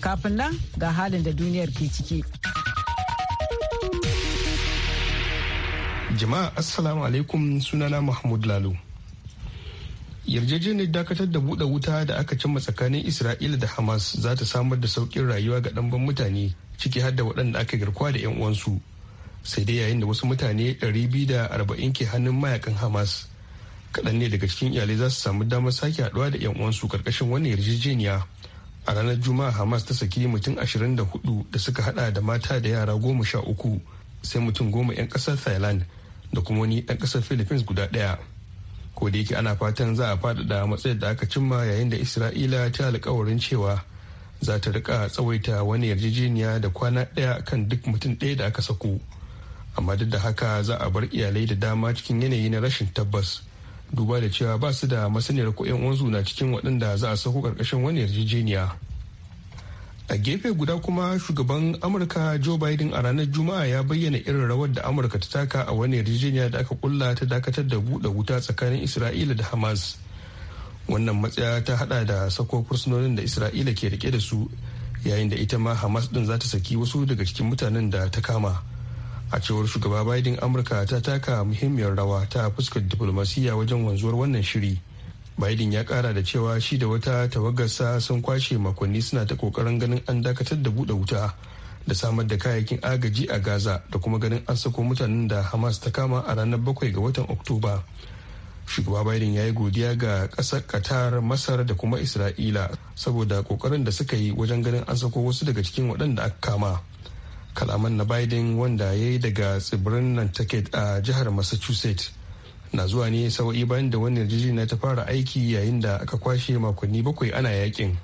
Kafin nan ga halin da duniyar ke ciki. Jama'a Assalamu alaikum sunana Mahmud Lalo. Yarjejeniyar dakatar da buɗe wuta da aka cimma tsakanin Isra'ila da Hamas za ta samar da sauƙin rayuwa ga ɗanban mutane ciki har da waɗanda aka garkuwa da 'yan uwansu. Sai dai yayin da wasu mutane 240 ke hannun mayakan Hamas. Kaɗan ne daga cikin iyalai za su samu damar sake haɗuwa da 'yan uwansu ƙarƙashin wannan yarjejeniya a ranar juma'a hamas ta saki mutum 24 da suka hada da mata da yara goma sha uku sai mutum goma 'yan kasar thailand da kuma wani 'yan kasar philippines guda daya ko da yake ana fatan za a faɗaɗa matsayar da aka cimma yayin da isra'ila ta alkawarin cewa za ta rika tsawaita wani yarjejeniya da kwana daya kan duk mutum ɗaya da aka sako amma duk da haka za a bar iyalai da dama cikin yanayi na rashin tabbas duba da cewa ba su da masaniyar ko wanzu na cikin waɗanda za a sako ƙarƙashin wani yarjejeniya a gefe guda kuma shugaban amurka joe biden a ranar juma'a ya bayyana irin rawar da amurka ta taka a wani yarjejeniya da aka kulla ta dakatar da buɗe wuta tsakanin isra'ila da hamas wannan matsaya ta hada da sako fursunonin da isra'ila ke rike da su yayin da ita ma hamas din za ta saki wasu daga cikin mutanen da ta kama a cewar shugaba biden amurka ta taka muhimmiyar rawa ta fuskar diflomasiyya wajen wanzuwar wannan shiri biden ya kara da cewa shi da wata tawagarsa sun kwashe makonni suna ta kokarin ganin an dakatar da buɗe wuta da samar da kayayyakin agaji a gaza da kuma ganin an sako mutanen da hamas ta kama a ranar bakwai ga watan oktoba shugaba biden ya yi godiya ga ƙasar qatar masar da kuma isra'ila saboda kokarin da suka yi wajen ganin an sako wasu daga cikin waɗanda aka kama kalaman na biden wanda ya yi daga tsibirin nantucket a jihar massachusetts na zuwa ne sawa'i bayan da wannan yarjejeniya ta fara aiki yayin da aka kwashe makonni bakwai ana yakin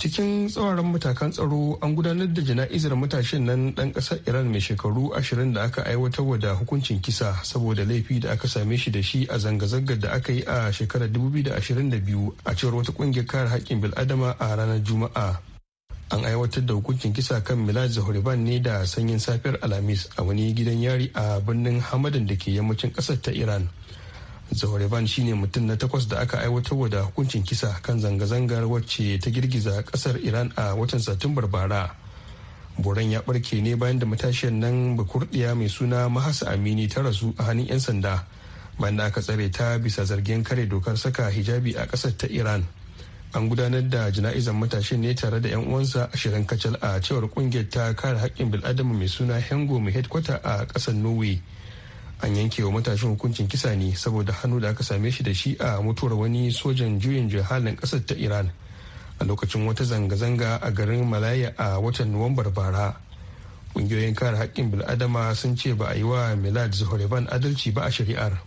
cikin tsawaran matakan tsaro an gudanar da jana'izar matashin nan ɗan ƙasar iran mai shekaru ashirin da aka aiwatar da hukuncin kisa saboda laifi da aka same shi da shi a zanga-zangar da aka yi a shekarar 2022 a cewar wata kungiyar kare haƙƙin bil'adama a ranar juma'a an aiwatar da hukuncin kisa kan milad zahuriban ne da sanyin safiyar alhamis a wani gidan yari a birnin hamadan da ke yammacin kasar ta iran zahuriban shine mutum na takwas da aka aiwatar da hukuncin kisa kan zanga-zangar wacce ta girgiza kasar iran a watan satumbar bara buran ya barke ne bayan da matashiyar nan bakurdiya mai suna mahasa amini ta rasu a hannun 'yan sanda bayan da aka tsare ta bisa zargin kare dokar saka hijabi a kasar ta iran an gudanar da jana'izar matashin ne tare da 'yan uwansa a shirin kacal a cewar kungiyar ta kare haƙƙin bil'adama mai suna hengo mai hedkwata a ƙasar norway an yanke wa matashin hukuncin kisa ne saboda hannu da aka same shi da shi a mutuwar wani sojan juyin jihalin ƙasar ta iran a lokacin wata zanga-zanga a garin malaya a watan nuwambar bara ƙungiyoyin kare haƙƙin bil'adama sun ce ba a yi wa milad zuhrevan adalci ba a shari'ar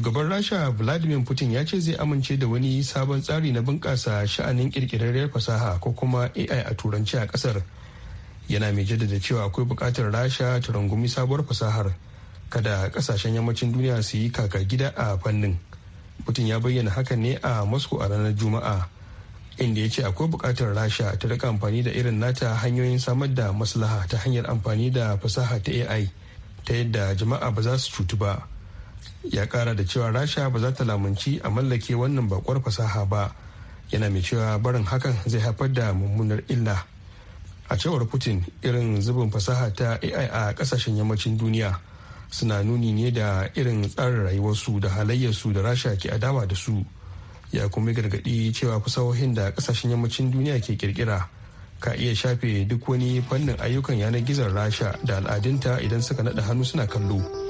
shugaban rasha vladimir putin ya ce zai amince da wani sabon tsari na bunƙasa sha'anin ƙirƙirarriyar fasaha ko kuma ai a turanci a ƙasar yana mai jaddada cewa akwai buƙatar rasha ta rungumi sabuwar fasahar kada ƙasashen yammacin duniya su yi kaka gida a fannin putin ya bayyana haka ne a moscow a ranar juma'a inda ya ce akwai buƙatar rasha ta rika amfani da irin nata hanyoyin samar da maslaha ta hanyar amfani da fasaha ta ai ta yadda jama'a ba za su cutu ba ya kara da cewa rasha ba za ta lamunci a mallake wannan bakwar fasaha ba yana mai cewa barin hakan zai haifar da mummunar illa a cewar putin irin zubin fasaha ta ai a kasashen yammacin duniya suna nuni ne da irin tsarin rayuwarsu da halayyarsu da rasha ke adawa da su ya kuma gargaɗi cewa fasahohin da kasashen yammacin duniya ke kirkira ka iya shafe duk wani fannin ayyukan yanar gizon rasha da al'adunta idan suka naɗa hannu suna kallo.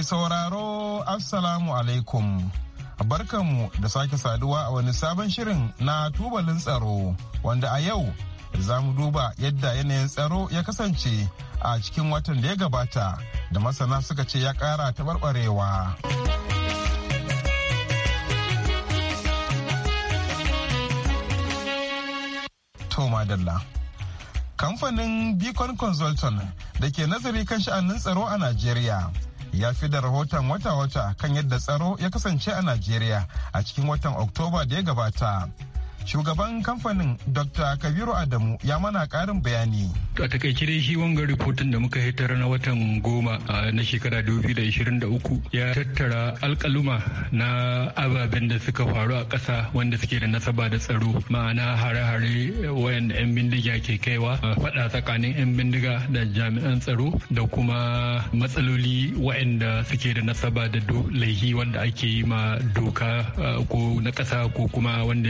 Mai sauraro Assalamu alaikum. Barkanmu da sake saduwa a wani sabon shirin na tubalin tsaro wanda a yau za mu duba yadda yanayin tsaro ya kasance a cikin watan da ya gabata da masana suka ce ya kara taɓarɓarewa. Kamfanin Beacon Consultant da ke nazari kan sha'anin tsaro a Najeriya. ya fi da rahoton wata-wata kan yadda tsaro ya kasance a Najeriya a cikin watan Oktoba da ya gabata. shugaban kamfanin dr kabiru adamu ya mana karin bayani a takaice dai shi wanga ripotin da muka hitar na watan goma na shekara 2023 ya tattara alkaluma na ababen da suka faru a ƙasa wanda suke da nasaba da tsaro ma'ana hare-hare wayan 'yan bindiga ke kaiwa faɗa tsakanin 'yan bindiga da jami'an tsaro da kuma matsaloli da suke da nasaba da laihi wanda ake yi ma doka ko na ƙasa ko kuma wanda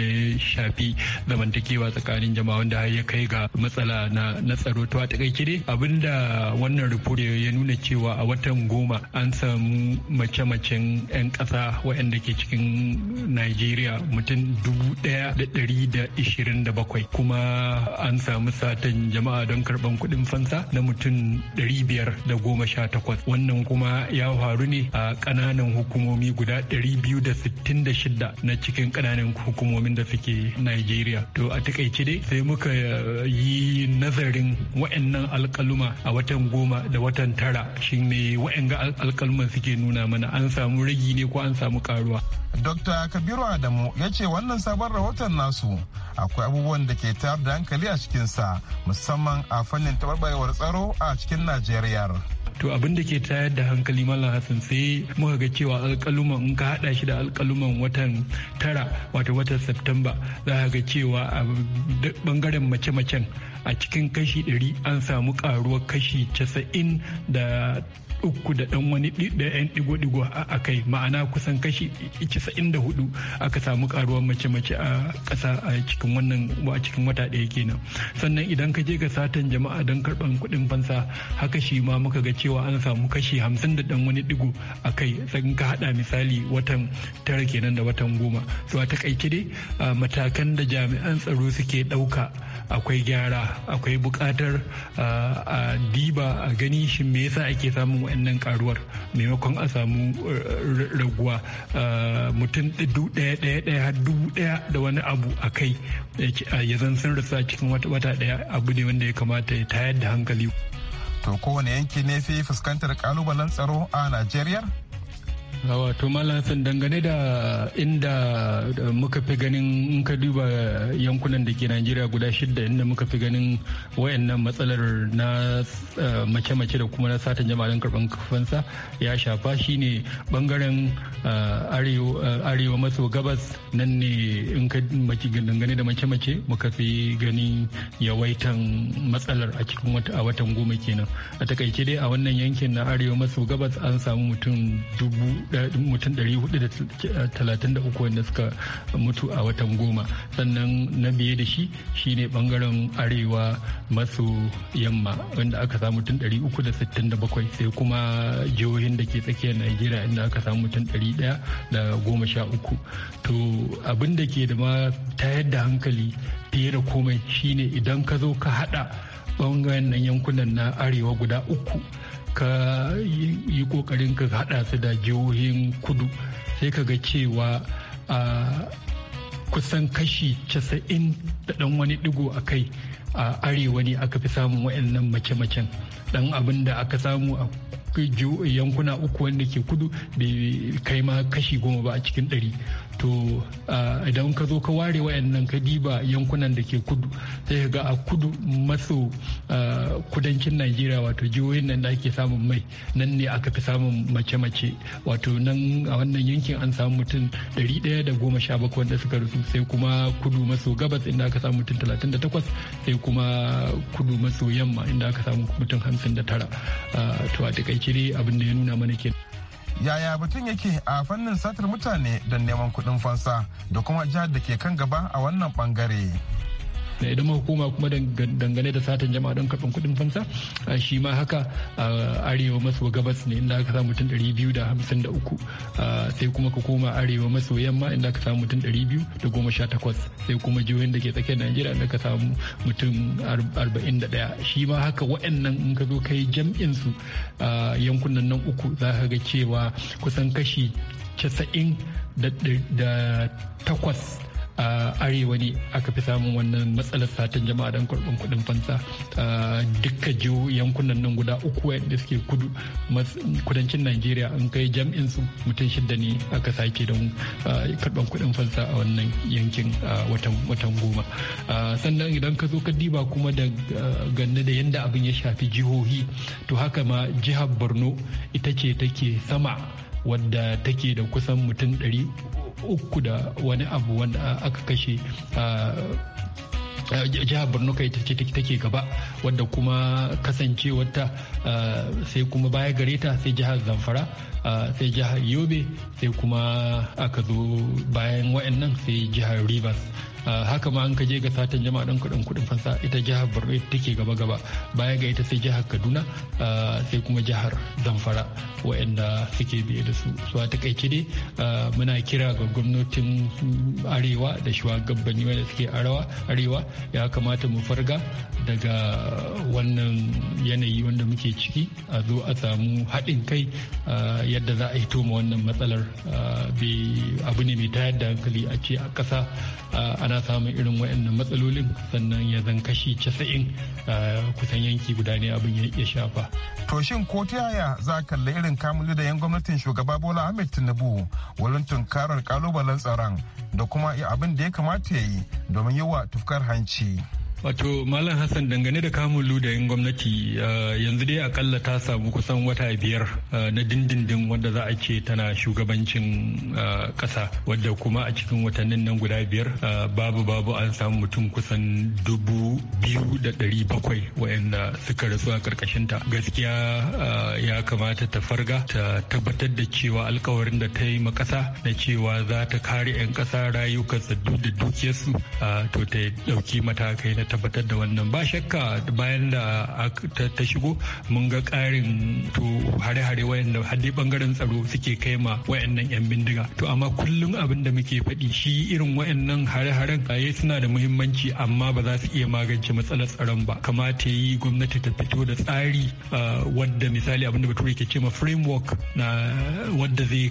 ya shafi zamantakewa tsakanin jama'a wanda har ya kai ga matsala na na tsaro to a takaice dai abinda wannan report ya nuna cewa a watan goma an samu mace-macen 'yan ƙasa waɗanda ke cikin Najeriya mutum dubu ɗaya da ɗari da ishirin da bakwai kuma an samu satan jama'a don karɓan kuɗin fansa na mutum ɗari biyar da goma sha takwas wannan kuma ya faru ne a ƙananan hukumomi guda ɗari biyu da sittin da shida na cikin ƙananan hukumomin da suke Najeriya. To a takaice dai sai muka yi nazarin wa'annan alkaluma a watan goma da watan tara shi ne wa'anga alkaluman suke nuna mana an samu ragi ne ko an samu karuwa. Dr. Kabiru Adamu ya ce wannan sabon rahoton nasu akwai abubuwan da ke tayar da hankali a cikinsa musamman a fannin tabarbarewar tsaro a cikin Najeriya. to abin da ke tayar da hankali malam hassan sai muka ga cewa alkaluman in ka hada shi da alkaluman watan tara wato watan september za ga cewa a bangaren mace-macen a cikin kashi 100 an samu karuwar kashi 90 da uku da dan wani da yan digo-digo a kai ma'ana kusan kashi 94 aka samu karuwar mace-mace a ƙasa a cikin wannan a cikin wata ɗaya kenan sannan idan ka je ga satan jama'a don karban kuɗin fansa haka shi ma muka ga cewa cewa an samu kashi hamsin da dan wani digo a kai sai ka hada misali watan tara kenan da watan goma so a takaice dai matakan da jami'an tsaro suke dauka akwai gyara akwai bukatar a diba a gani shi me yasa ake samun wannan karuwar maimakon a samu raguwa mutum daya daya daya har dubu daya da wani abu a kai ya zan sun rasa cikin wata ɗaya abu ne wanda ya kamata ya tayar da hankali to kowane yanki ne fi fuskantar kalubalen tsaro a najeriya wato malasan dangane da inda muka fi ganin in ka duba yankunan da ke najeriya guda shida inda muka fi ganin wayannan matsalar na eh, mace-mace da kuma na satan jama'an karban kafansa ya shafa shine bangaren eh, eh, arewa maso gabas nan ne in ka dangane da mace-mace muka fi ganin yawaitan matsalar a cikin a watan goma kenan a takaice dai a wannan yankin na arewa maso gabas an samu mutum dubu mutum 433 wanda suka mutu a watan goma sannan na biye da shi shine bangaren arewa maso yamma wanda aka samu mutum 367 sai kuma jihohin da ke tsakiyar nigeria inda aka samu mutum 113 to abin da ke da ma tayar da hankali fiye da komai shine idan ka zo ka hada bangaren yankunan na arewa guda uku ka yi kokarin ka hada su da jihohin kudu sai ka ga cewa kusan kashi casa'in da dan wani digo a kai a arewa ne aka fi samun wa'annan mace-macen dan abin da aka samu a yankuna uku wanda ke kudu bai kai ma kashi goma ba a cikin ɗari to idan ka zo ka ware wayannan ka diba yankunan da ke kudu sai ka ga a kudu maso kudancin najeriya wato jihohin nan da ake samun mai nan ne aka fi samun mace-mace wato nan a wannan yankin an samu mutum 117 wanda suka rasu sai kuma kudu maso gabas inda aka samu mutum 38 sai kuma kudu maso yamma inda aka samu mutum 59 to a takaice dai abin da ya nuna mana kenan yaya batun yake a fannin satar mutane don neman kudin fansa da kuma jihar da ke kan gaba a wannan bangare. idan hukuma kuma dangane da satan jama'a don karɓar kuɗin fansa shi ma haka arewa maso gabas ne inda aka samu mutum ɗari biyu da hamsin da uku sai kuma ka koma arewa maso yamma inda aka samu mutum ɗari biyu da goma sha takwas sai kuma jihohin da ke tsakiyar najeriya inda aka samu mutum arba'in da ɗaya shi ma haka wa'annan in ka zo kai jam'in su yankunan nan uku za ka ga cewa kusan kashi casa'in da takwas a arewa ne aka fi samun wannan matsalar satan jama'a don karɓar kuɗin fansa duka jiho yankunan nan guda uku da suke kudu kudancin najeriya an kai jam'in su mutum shidda ne aka sake don karɓar kuɗin fansa a wannan yankin watan goma sannan idan ka zo ka diba kuma da ganne da yadda abin ya shafi jihohi to haka ma jihar borno ita ce take sama wadda take da kusan mutum ɗari uku da wani abu wanda aka kashe jihar borno kai ta ce take gaba wadda kuma kasancewarta sai kuma baya gare ta sai jihar zamfara sai jihar yobe sai kuma aka zo bayan wa'annan sai jihar rivers haka ma an ka je ga satan jama'a dan kudin kudin fansa ita jihar borno ita take gaba gaba baya ga ita sai jihar kaduna sai kuma jihar zamfara waɗanda suke biye da su su a takaice dai muna kira ga gwamnatin arewa da shugabanni wanda suke arewa ya kamata mu farga daga wannan yanayi wanda muke ciki a zo a samu haɗin kai yadda za a yi toma wannan matsalar abu ne mai tayar da hankali a ce a ƙasa ana samun irin waɗannan matsalolin sannan ya zan kashi casa'in kusan yanki guda ne abin ya iya shafa. To shin ko ta yaya za kalli irin kamuli da yan gwamnatin shugaba Bola Ahmed Tinubu wurin tunkarar kalubalen tsaron da kuma abin da ya kamata ya yi domin yi tufkar hanci. Wato Malam Hassan dangane da kamun ludayin gwamnati uh, yanzu dai akalla ta samu kusan wata biyar uh, na dindindin wanda za a ce tana shugabancin uh, ƙasa wadda kuma a cikin watannin nan guda biyar babu babu an samu mutum kusan dubu biyu da ɗari bakwai wa'anda suka rasu a ta Gaskiya ya kamata ta farga ta tabbatar da cewa alkawarin da ta yi ma ƙasa na cewa za ta kare 'yan ƙasa rayukansa da dukiyarsu to ta ɗauki matakai na tabbatar da wannan ba shakka bayan da ta shigo mun ga karin to hare-hare wayanda hadde bangaren tsaro suke kai ma wayannan 'yan bindiga to amma kullum abin da muke faɗi shi irin wayannan hare-haren kaye suna da muhimmanci amma ba za su iya magance matsalar tsaron ba kamata yi gwamnati ta fito da tsari ah, wadda misali abin da bature ke ce ma framework na wadda zai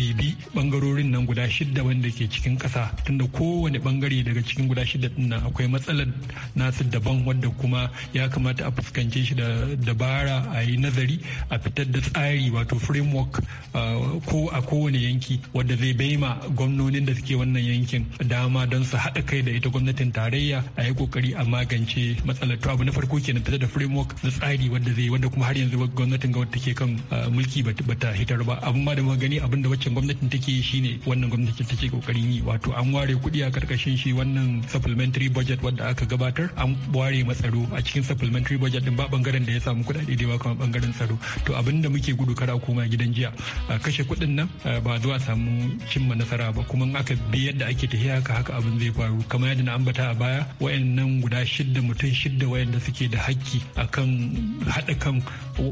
dibi bangarorin nan guda shidda wanda ke cikin ƙasa tunda kowane bangare daga cikin guda shidda ɗin akwai matsala matsalar nasu daban wanda kuma ya kamata a fuskance shi da dabara a yi nazari a fitar da tsari wato framework uh, ko a kowane yanki wanda zai baima gwamnonin da suke wannan yankin dama don su haɗa kai da ita gwamnatin tarayya a yi kokari a magance matsalar to abu na farko kenan fitar da framework na tsari wanda zai wanda kuma har yanzu gwamnatin ga take kan uh, mulki bata hitar ba abin ma da muka gani abin da waccan gwamnatin take yi shine wannan gwamnatin take kokarin yi wato an ware kuɗi a karkashin shi wannan supplementary budget wanda aka gabatar an ware matsaro a cikin supplementary budget din ba bangaren da ya samu kuɗaɗe da yawa kuma bangaren tsaro to abin da muke gudu kara koma gidan jiya kashe kuɗin nan ba zuwa samu cimma nasara ba kuma in aka bi yadda ake tafiya haka haka abin zai faru kamar yadda na ambata a baya wayannan guda shidda mutum shidda wayanda suke da hakki akan haɗa kan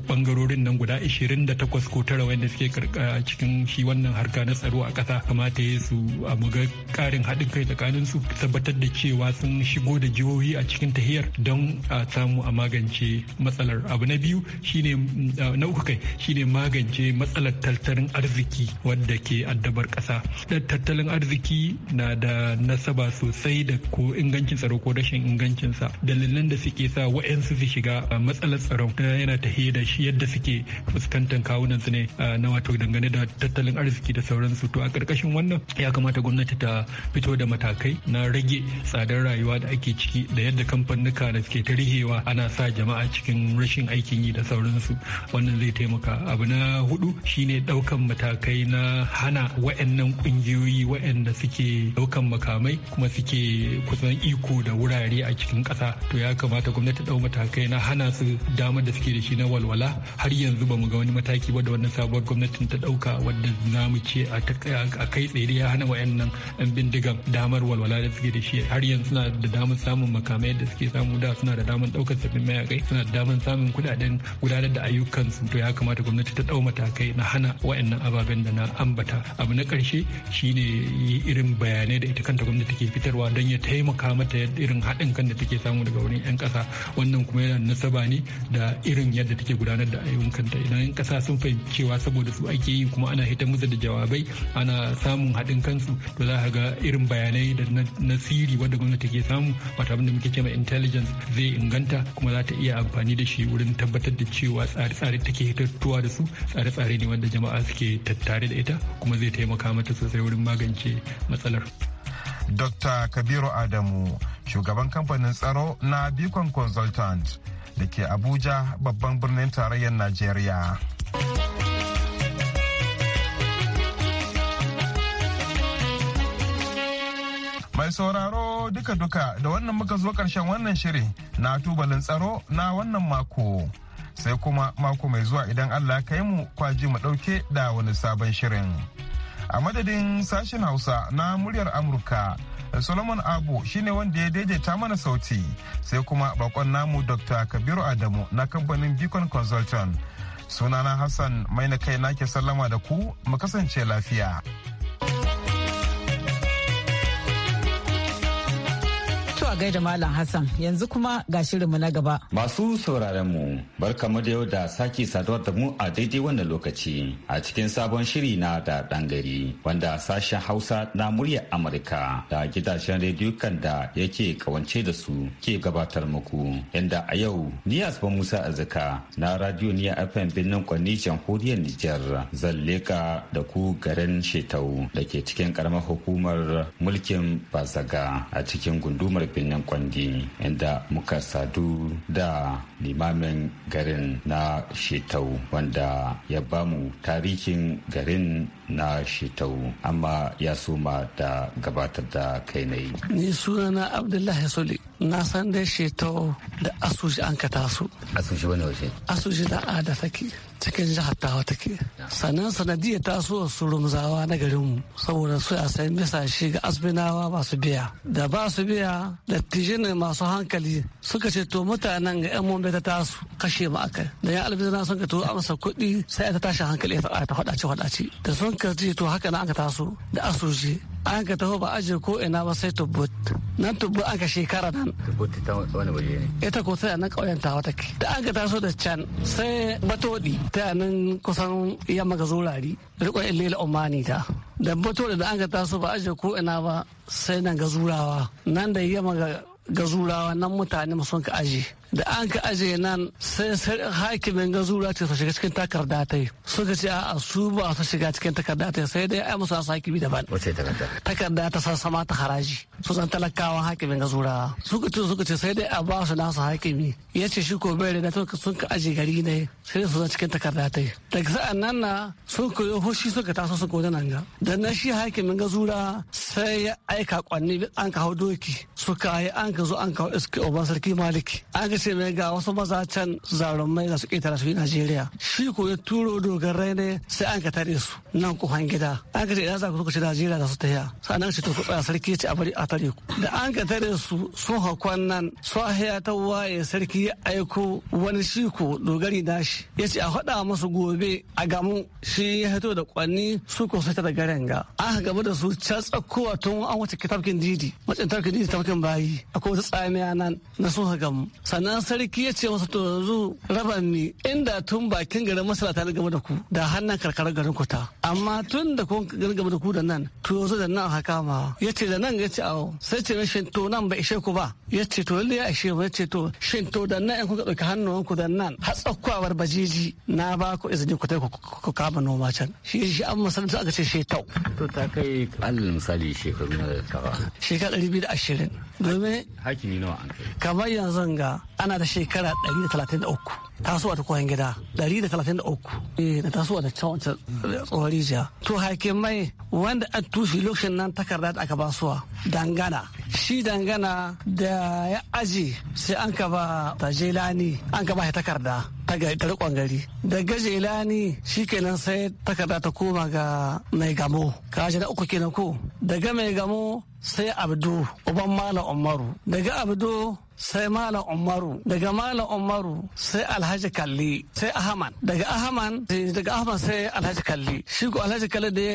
bangarorin nan guda 28 ko tara wayanda suke cikin shi wannan harka na tsaro a ƙasa kamata ya su a muga karin haɗin kai tsakanin su tabbatar da cewa sun shigo da da jihohi a cikin tahiyar don a samu a magance matsalar abu na biyu shine na uku kai shine magance matsalar tattalin arziki wadda ke addabar kasa ƙasa tattalin arziki na da nasaba sosai da ko ingancin tsaro ko rashin ingancin sa dalilan da suke sa wa'yansu su shiga matsalar tsaro yana tahe da shi yadda suke fuskantar kawunansu ne na wato dangane da tattalin arziki da sauransu to a ƙarƙashin wannan ya kamata gwamnati ta fito da matakai na rage tsadar rayuwa da ake ciki da yadda kamfanuka da suke ta rihewa ana sa jama'a cikin rashin aikin yi da sauransu wannan zai taimaka abu na hudu shine daukan matakai na hana wa'annan kungiyoyi wa'anda suke daukan makamai kuma suke kusan iko da wurare a cikin kasa to ya kamata gwamnati dau matakai na hana su damar da suke da shi na walwala har yanzu bamu ga wani mataki ba da wannan sabuwar gwamnatin ta dauka wadda zamu ce a kai tsaye ya hana wa'annan yan bindigan damar walwala da suke da shi har yanzu suna da damar samun makamai da suke samu da suna da damar daukar sabbin mayakai suna da damar samun kudaden gudanar da ayyukan ayyukansu to ya kamata gwamnati ta dau matakai na hana wayannan ababen da na ambata abu na karshe shine irin bayanai da ita kanta gwamnati ke fitarwa don ya taimaka mata irin haɗin kan da take samu daga wurin 'yan ƙasa wannan kuma yana nasaba ne da irin yadda take gudanar da ayyukan ta idan 'yan ƙasa sun fahimci cewa saboda su ake yi kuma ana hita musu da jawabai ana samun haɗin kansu to za ga irin bayanai da na siri wadda gwamnati ke samu wata abin da muke cewa intelligence zai inganta kuma za ta iya amfani da shi wurin tabbatar da cewa tsare-tsare take hitattuwa da su tsare-tsare ne wanda jama'a suke tattare da ita kuma zai taimaka mata sosai wurin magance matsalar. Dr. Kabiru Adamu, shugaban kamfanin tsaro na Bikon Consultant da ke Abuja babban birnin tarayyar Najeriya. Mai sauraro duka-duka da wannan muka zo ƙarshen wannan shiri na tubalin tsaro na wannan mako. Sai kuma mako mai zuwa idan Allah ka yi mu kwaji mu ɗauke da wani sabon shirin. A madadin sashen Hausa na muryar Amurka, Solomon Abu shine wanda ya daidaita mana sauti sai kuma bakon namu Dr. Kabiru Adamu na kamfanin Beacon Consultant. Sunana Hassan mai na kai nake sallama da ku mu kasance lafiya. To a gaida Malam Hassan yanzu kuma ga shirinmu na gaba. Masu sauraronmu mu kamar da yau da sake saduwar da mu a daidai wannan lokaci a cikin sabon shiri na da ɗan gari wanda sashen Hausa na muryar Amurka da gidajen rediyo kan da yake kawance da su ke gabatar muku. Yanda a yau ni ba Musa Azika na Radio Niya FM birnin Kwanni jamhuriyar Nijar leka da ku garin Shetau da ke cikin karamar hukumar mulkin Bazaga a cikin gundumar birnin kwandi inda muka sadu da limamin garin na shetau wanda ya bamu tarihin garin na shitau amma ya soma da gabatar da kai na yi. Ni sunana Abdullahi Sule na san dai shitau da asushi an ka taso. Asushi wani waje? Asushi da ada take cikin jihar tawa take. Sannan sanadiyar taso su rumzawa na garinmu saboda su a sayan shi ga asbinawa masu biya. Da ba su biya da tijini masu hankali suka ce to mutanen ga 'yan mombe ta taso kashe mu akai. Da ya albizina sun ka to amsa kuɗi sai ta tashi hankali ta faɗace faɗace. Da sun in ka ce to haka na aka taso da asoji an ka taho ba ajiye ko ina ba sai tubbut nan tubbut an ka shekara nan ita ko sai nan ƙauyen ta wata ke da an ka taso da can sai batodi ta nan kusan yamma ga zurari rikon illela umani ta da batodi da an ka taso ba ajiye ko ina ba sai nan ga zurawa nan da yamma ga zurawa nan mutane sun ka aji da an ka aje nan sai hakimin gazura ce su shiga cikin takarda ta yi suka ce a su ba su shiga cikin takarda ta sai dai ai musu a hakimi daban takarda ta sama ta haraji su san talakawa hakimin gazura suka ce suka ce sai dai a ba su nasu hakimi ya ce shi ko bai da sun ka aje gari ne sai su san cikin takarda ta yi daga sa'an nan na sun ka yi hoshi suka taso su kota nan ga da na shi hakimin gazura sai ya aika kwanni an ka hau doki suka yi an ka zo an ka hau iske oban sarki maliki an ka ce mai ga wasu maza can zarumai da su ƙetara su yi Najeriya. Shi ko ya turo dogarai ne sai an ka tare su nan kofan gida. An ka ce idan za ku ce Najeriya za su ta yi. Sannan shi to ku tsaya sarki ce a bari a tare ku. Da an ka tare su sun hakon nan swahiya ta waye sarki ya aiko wani shi ko dogari nashi. Ya ce a faɗa musu gobe a gamu shi ya hito da kwanni su ko sai ta da garen ga. An gaba da su can tsakkowa tun an wuce kitabkin didi. Matsin tarkin didi tafkin bayi. Akwai wata tsamiya nan na sun gamu. Sannan nan sarki ya ce masa to yanzu raban ni inda tun bakin garin masala ta game da ku da hannun karkarar garin ku ta amma tun da kun game da ku da nan to yanzu da nan haka ma ya ce da nan ya ce awo sai ce shin to nan ba ishe ku ba ya ce to ya ishe ba ya ce to shin to da nan in kuka ɗauki hannun ku da nan hatsakkowar bajiji na ba ku izini ku ku kama noma can shi shi an masarauta aka ce tau. to ta kai alal misali shekaru na da tawa. shekara ɗari biyu da ashirin domin hakimi nawa an kai kamar yanzu ga ana da shekara 133 tasowa ta kohan gida 133 eh, na tasowa da eh, tsohon rijiya to mai wanda an tushe lokacin nan takarda da aka ba suwa dangana shi dangana da ya aji sai an ka ba jelani an ka ba takarda ta rikon gari daga jelani shi kenan sai takarda ta koma ga mai gamo kaji da uku kenan ko daga mai gamo sai abdu uban malam umaru daga abdu sai Malam Umaru daga Malam Umaru sai Alhaji Kalli sai ahaman daga ahaman daga ahaman sai Alhaji Kalli shi ko Alhaji Kalli da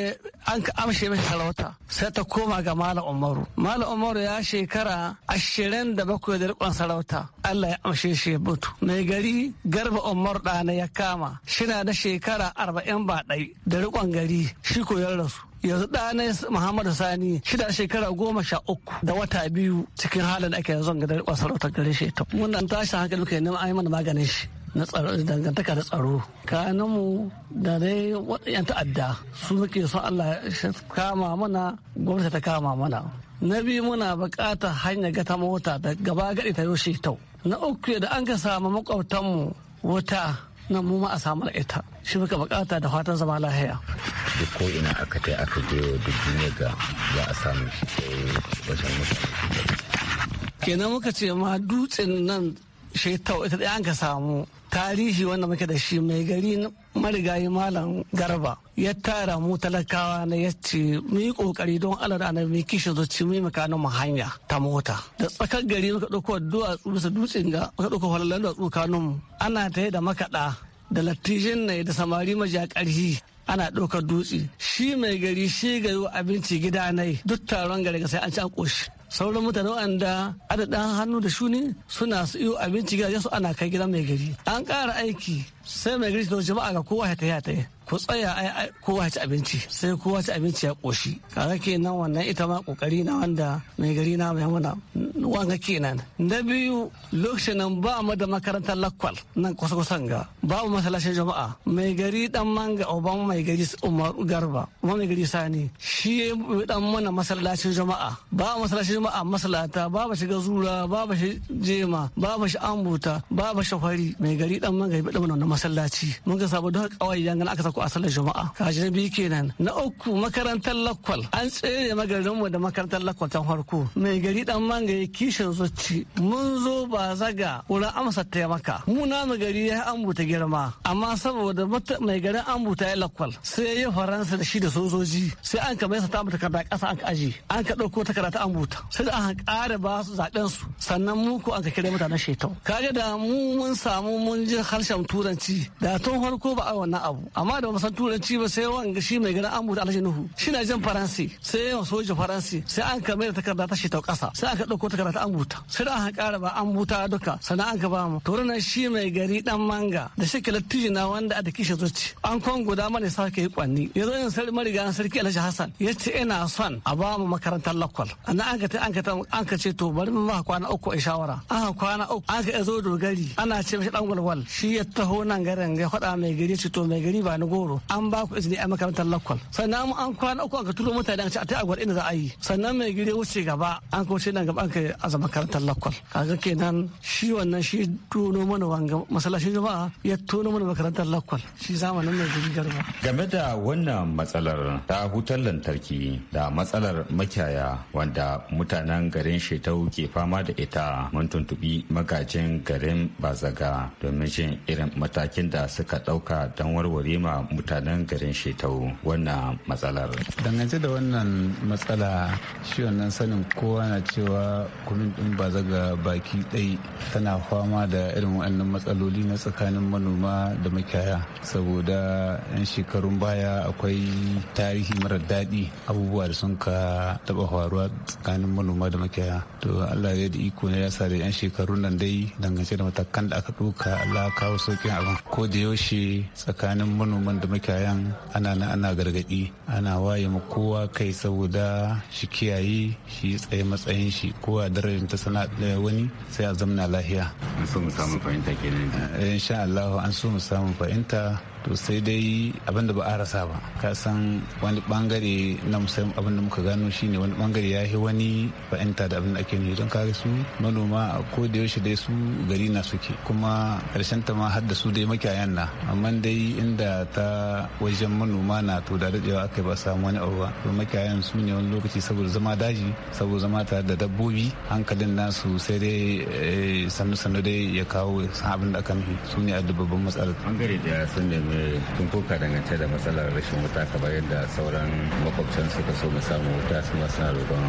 an ka amshe mai sarauta sai ta koma ga Malam Umaru Malam Umaru ya shekara ashirin da bakwai da rikon sarauta Allah ya amshe shi mutu mai gari Garba Umar ɗana ya kama shina da shekara arba'in ba ɗai da rikon gari shi ko ya rasu yanzu ɗana muhammadu sani shida shekara goma sha uku da wata biyu cikin halin da ake yanzu ga dare ta gare shi ta tashi a hankali muke neman ayi mana maganin shi na tsaro dangantaka da tsaro Kanunmu da dai yan ta'adda su muke son allah kama mana gwamnati ta kama mana na biyu muna bukata hanya gata mota da gaba gaɗi ta yoshe ta na uku da an ka samu makwabtanmu wuta na mu ma a samar ita shi muka bukata da fatan zama lahiya da ko ina aka kai aka je duk duniya ga za a samu wajen mutane kenan muka ce ma dutsen nan shi ta ita da an ka samu tarihi wanda muke da shi mai gari marigayi malam garba ya tara mu talakawa na ya ce mu yi kokari don allah da annabi kishin zuci mu yi makanin mu hanya ta mota da tsakar gari muka ɗauko duwatsu bisa dutsen ga muka ɗauko falalan duwatsu kanun ana ta da makaɗa da lattijin ne da samari majiya ƙarfi ana ɗaukar dutse shi mai gari shi gari abinci gida nai duk taron gari sai an ci an ƙoshi sauran mutane waɗanda adadin hannu da shuni suna iyo abinci gida su ana kai gidan mai gari an kara aiki sai mai gari da jama'a ga kowa ya ta ku tsaya ai kowa ci abinci sai kowa ci abinci ya koshi kaga kenan wannan ita ma kokari na wanda mai gari na mai muna wanga kenan na biyu lokacin nan ba mu da makarantar lakwal nan kusa kusan ga ba mu masallacin jama'a mai gari dan manga oban mai gari umar garba kuma mai gari sani shi dan mana masallacin jama'a ba masallacin jama'a masallata ba ba shiga zura ba ba shi jema ba ba shi ambuta ba ba shi mai gari dan manga ya bi dan wannan masallaci mun ga sabo da kawai yan aka sako a sallar juma'a kaji biyu kenan na uku makarantar lakwal an tsere magarin mu da makarantar lakwal ta farko mai gari dan manga ya kishin zuci mun zo ba zaga wura amsa taimaka mu na mu gari ya ambuta girma amma saboda mai garin ambuta ya lakwal sai ya faransa da shi da sojoji sai an ka mai sa ta mata kada kasa an ka aji an ka dauko ta karata ambuta sai da an kara ba su zaben su sannan mu ko an ka kira mutanen shetau kaje da mu mun samu mun ji harshen turanci da tun farko ba a wannan abu amma da ba san turanci ba sai wanga shi mai gana amu da alhaji nuhu shi na jan faransi sai yawan sojin faransi sai an kame da takarda ta shitau kasa sai aka dauko takarda ta ambuta sai da an kara ba ambuta duka sannan an gaba mu to ranar shi mai gari dan manga da shekala tijina wanda a da kishin zuci an kon guda mana sa ka yi kwanni ya zo yin sarki marigayen sarki alhaji hassan ya ce ina son a ba mu makarantar lakwal annan an ka ta an ka ta an ka ce to bari mu ba kwana uku a shawara aka kwana uku an ka zo dogari ana ce mishi dan walwal shi ya taho nan garin ya faɗa mai gari ce to mai gari ba ni goro an ba ku izini a makarantar lakwal sannan an kwana uku aka turo mutane a ta agwar inda za a yi sannan mai gida wuce gaba an shi nan gaba an kai aza makarantar lakwal kaga kenan shi wannan shi tono mana wanga masallacin juma'a ya tono mana makarantar lakwal shi zamanin mai gida garba game da wannan matsalar ta hutar lantarki da matsalar makiyaya wanda mutanen garin shetau ke fama da ita mun tuntubi magajin garin bazaga domin shin irin matakin da suka ɗauka don warware ma mutanen garin shetau wannan matsalar dangance da wannan matsala shi wannan sanin kowa na cewa kunun din ba zaga baki ɗai tana fama da irin wannan matsaloli na tsakanin manoma da makiyaya saboda yan shekarun baya akwai tarihi mara daɗi abubuwa da sun ka taɓa faruwa tsakanin manoma da makiyaya to allah ya da iko ne ya sa da yan shekarun nan dai dangance da matakan da aka ɗauka allah kawo sauƙin abin ko da yaushe tsakanin manoma manoman da yan ana na ana gargadi ana waye ma kowa kai saboda shi kiyaye shi tsaye matsayin shi kowa a darajar ta sana wani sai a zamna lahiya an so mu samu fahimta kenan eh, insha Allah an so mu samu fahimta to sai dai abin da ba a rasa ba ka san wani bangare na musamman abin da muka gano shine wani bangare ya yi wani fahimta da abin da ake nufi don kare su manoma a ko da yaushe dai su gari na suke kuma karshen ta ma har da su dai makiyayan na amma dai inda ta wajen manoma na to da daɗewa aka ba samu wani abu ba to makiyayan su ne wani lokaci saboda zama daji saboda zama tare da dabbobi hankalin nasu sai dai eh, sannu sannu dai ya kawo abin da aka nufi su ne a dubabban matsalar bangare da sun tun koka dangance da matsalar rashin wuta kamar yadda sauran makwabtan suka so mu samu wuta su ma suna roƙon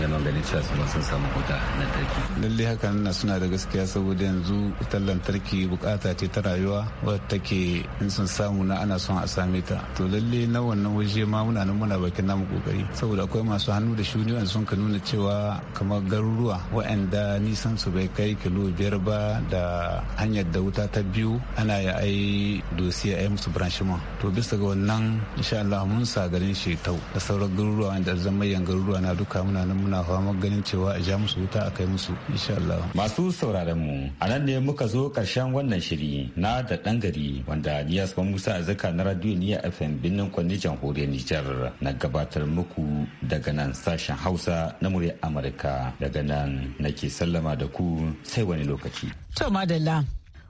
neman ganin cewa su ma sun samu wuta lantarki. Lallai haka nuna suna da gaskiya saboda yanzu wutar lantarki bukata ce ta rayuwa wadda take in sun samu na ana son a same ta. To lalle na wannan waje ma muna nan muna bakin namu kokari saboda akwai masu hannu da shuni wanda sun ka nuna cewa kamar garuruwa waɗanda nisan su bai kai kilo biyar ba da hanyar da wuta ta biyu ana ya ai dosiya a yi musu branchement to bisa ga wannan insha Allah mun sa garin shetau da sauran garuruwa da yan garuruwa na duka muna nan muna fama ganin cewa a ja musu wuta a kai musu insha Allah masu sauraron mu a nan ne muka zo karshen wannan shiri na da dan gari wanda Niyas Musa Zaka na Radio Niyya FM binnin Kwanni Jamhuriyar Nijar na gabatar muku daga nan sashen Hausa na murya Amurka daga nan nake sallama da ku sai wani lokaci to madalla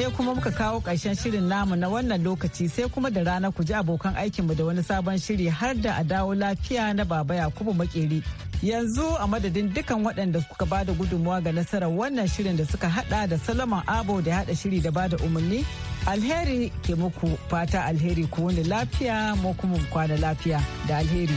ne kuma muka kawo karshen shirin namu na wannan lokaci sai kuma da rana ku ji abokan aikinmu da wani sabon shiri har da a dawo lafiya na baba yakubu makeri yanzu a madadin dukan waɗanda suka ba da gudunmuwa ga nasarar wannan shirin da suka hada da salaman abo da hada shiri da ba da umarni alheri ke muku fata alheri ku wani lafiya mu kuma kwana lafiya da alheri.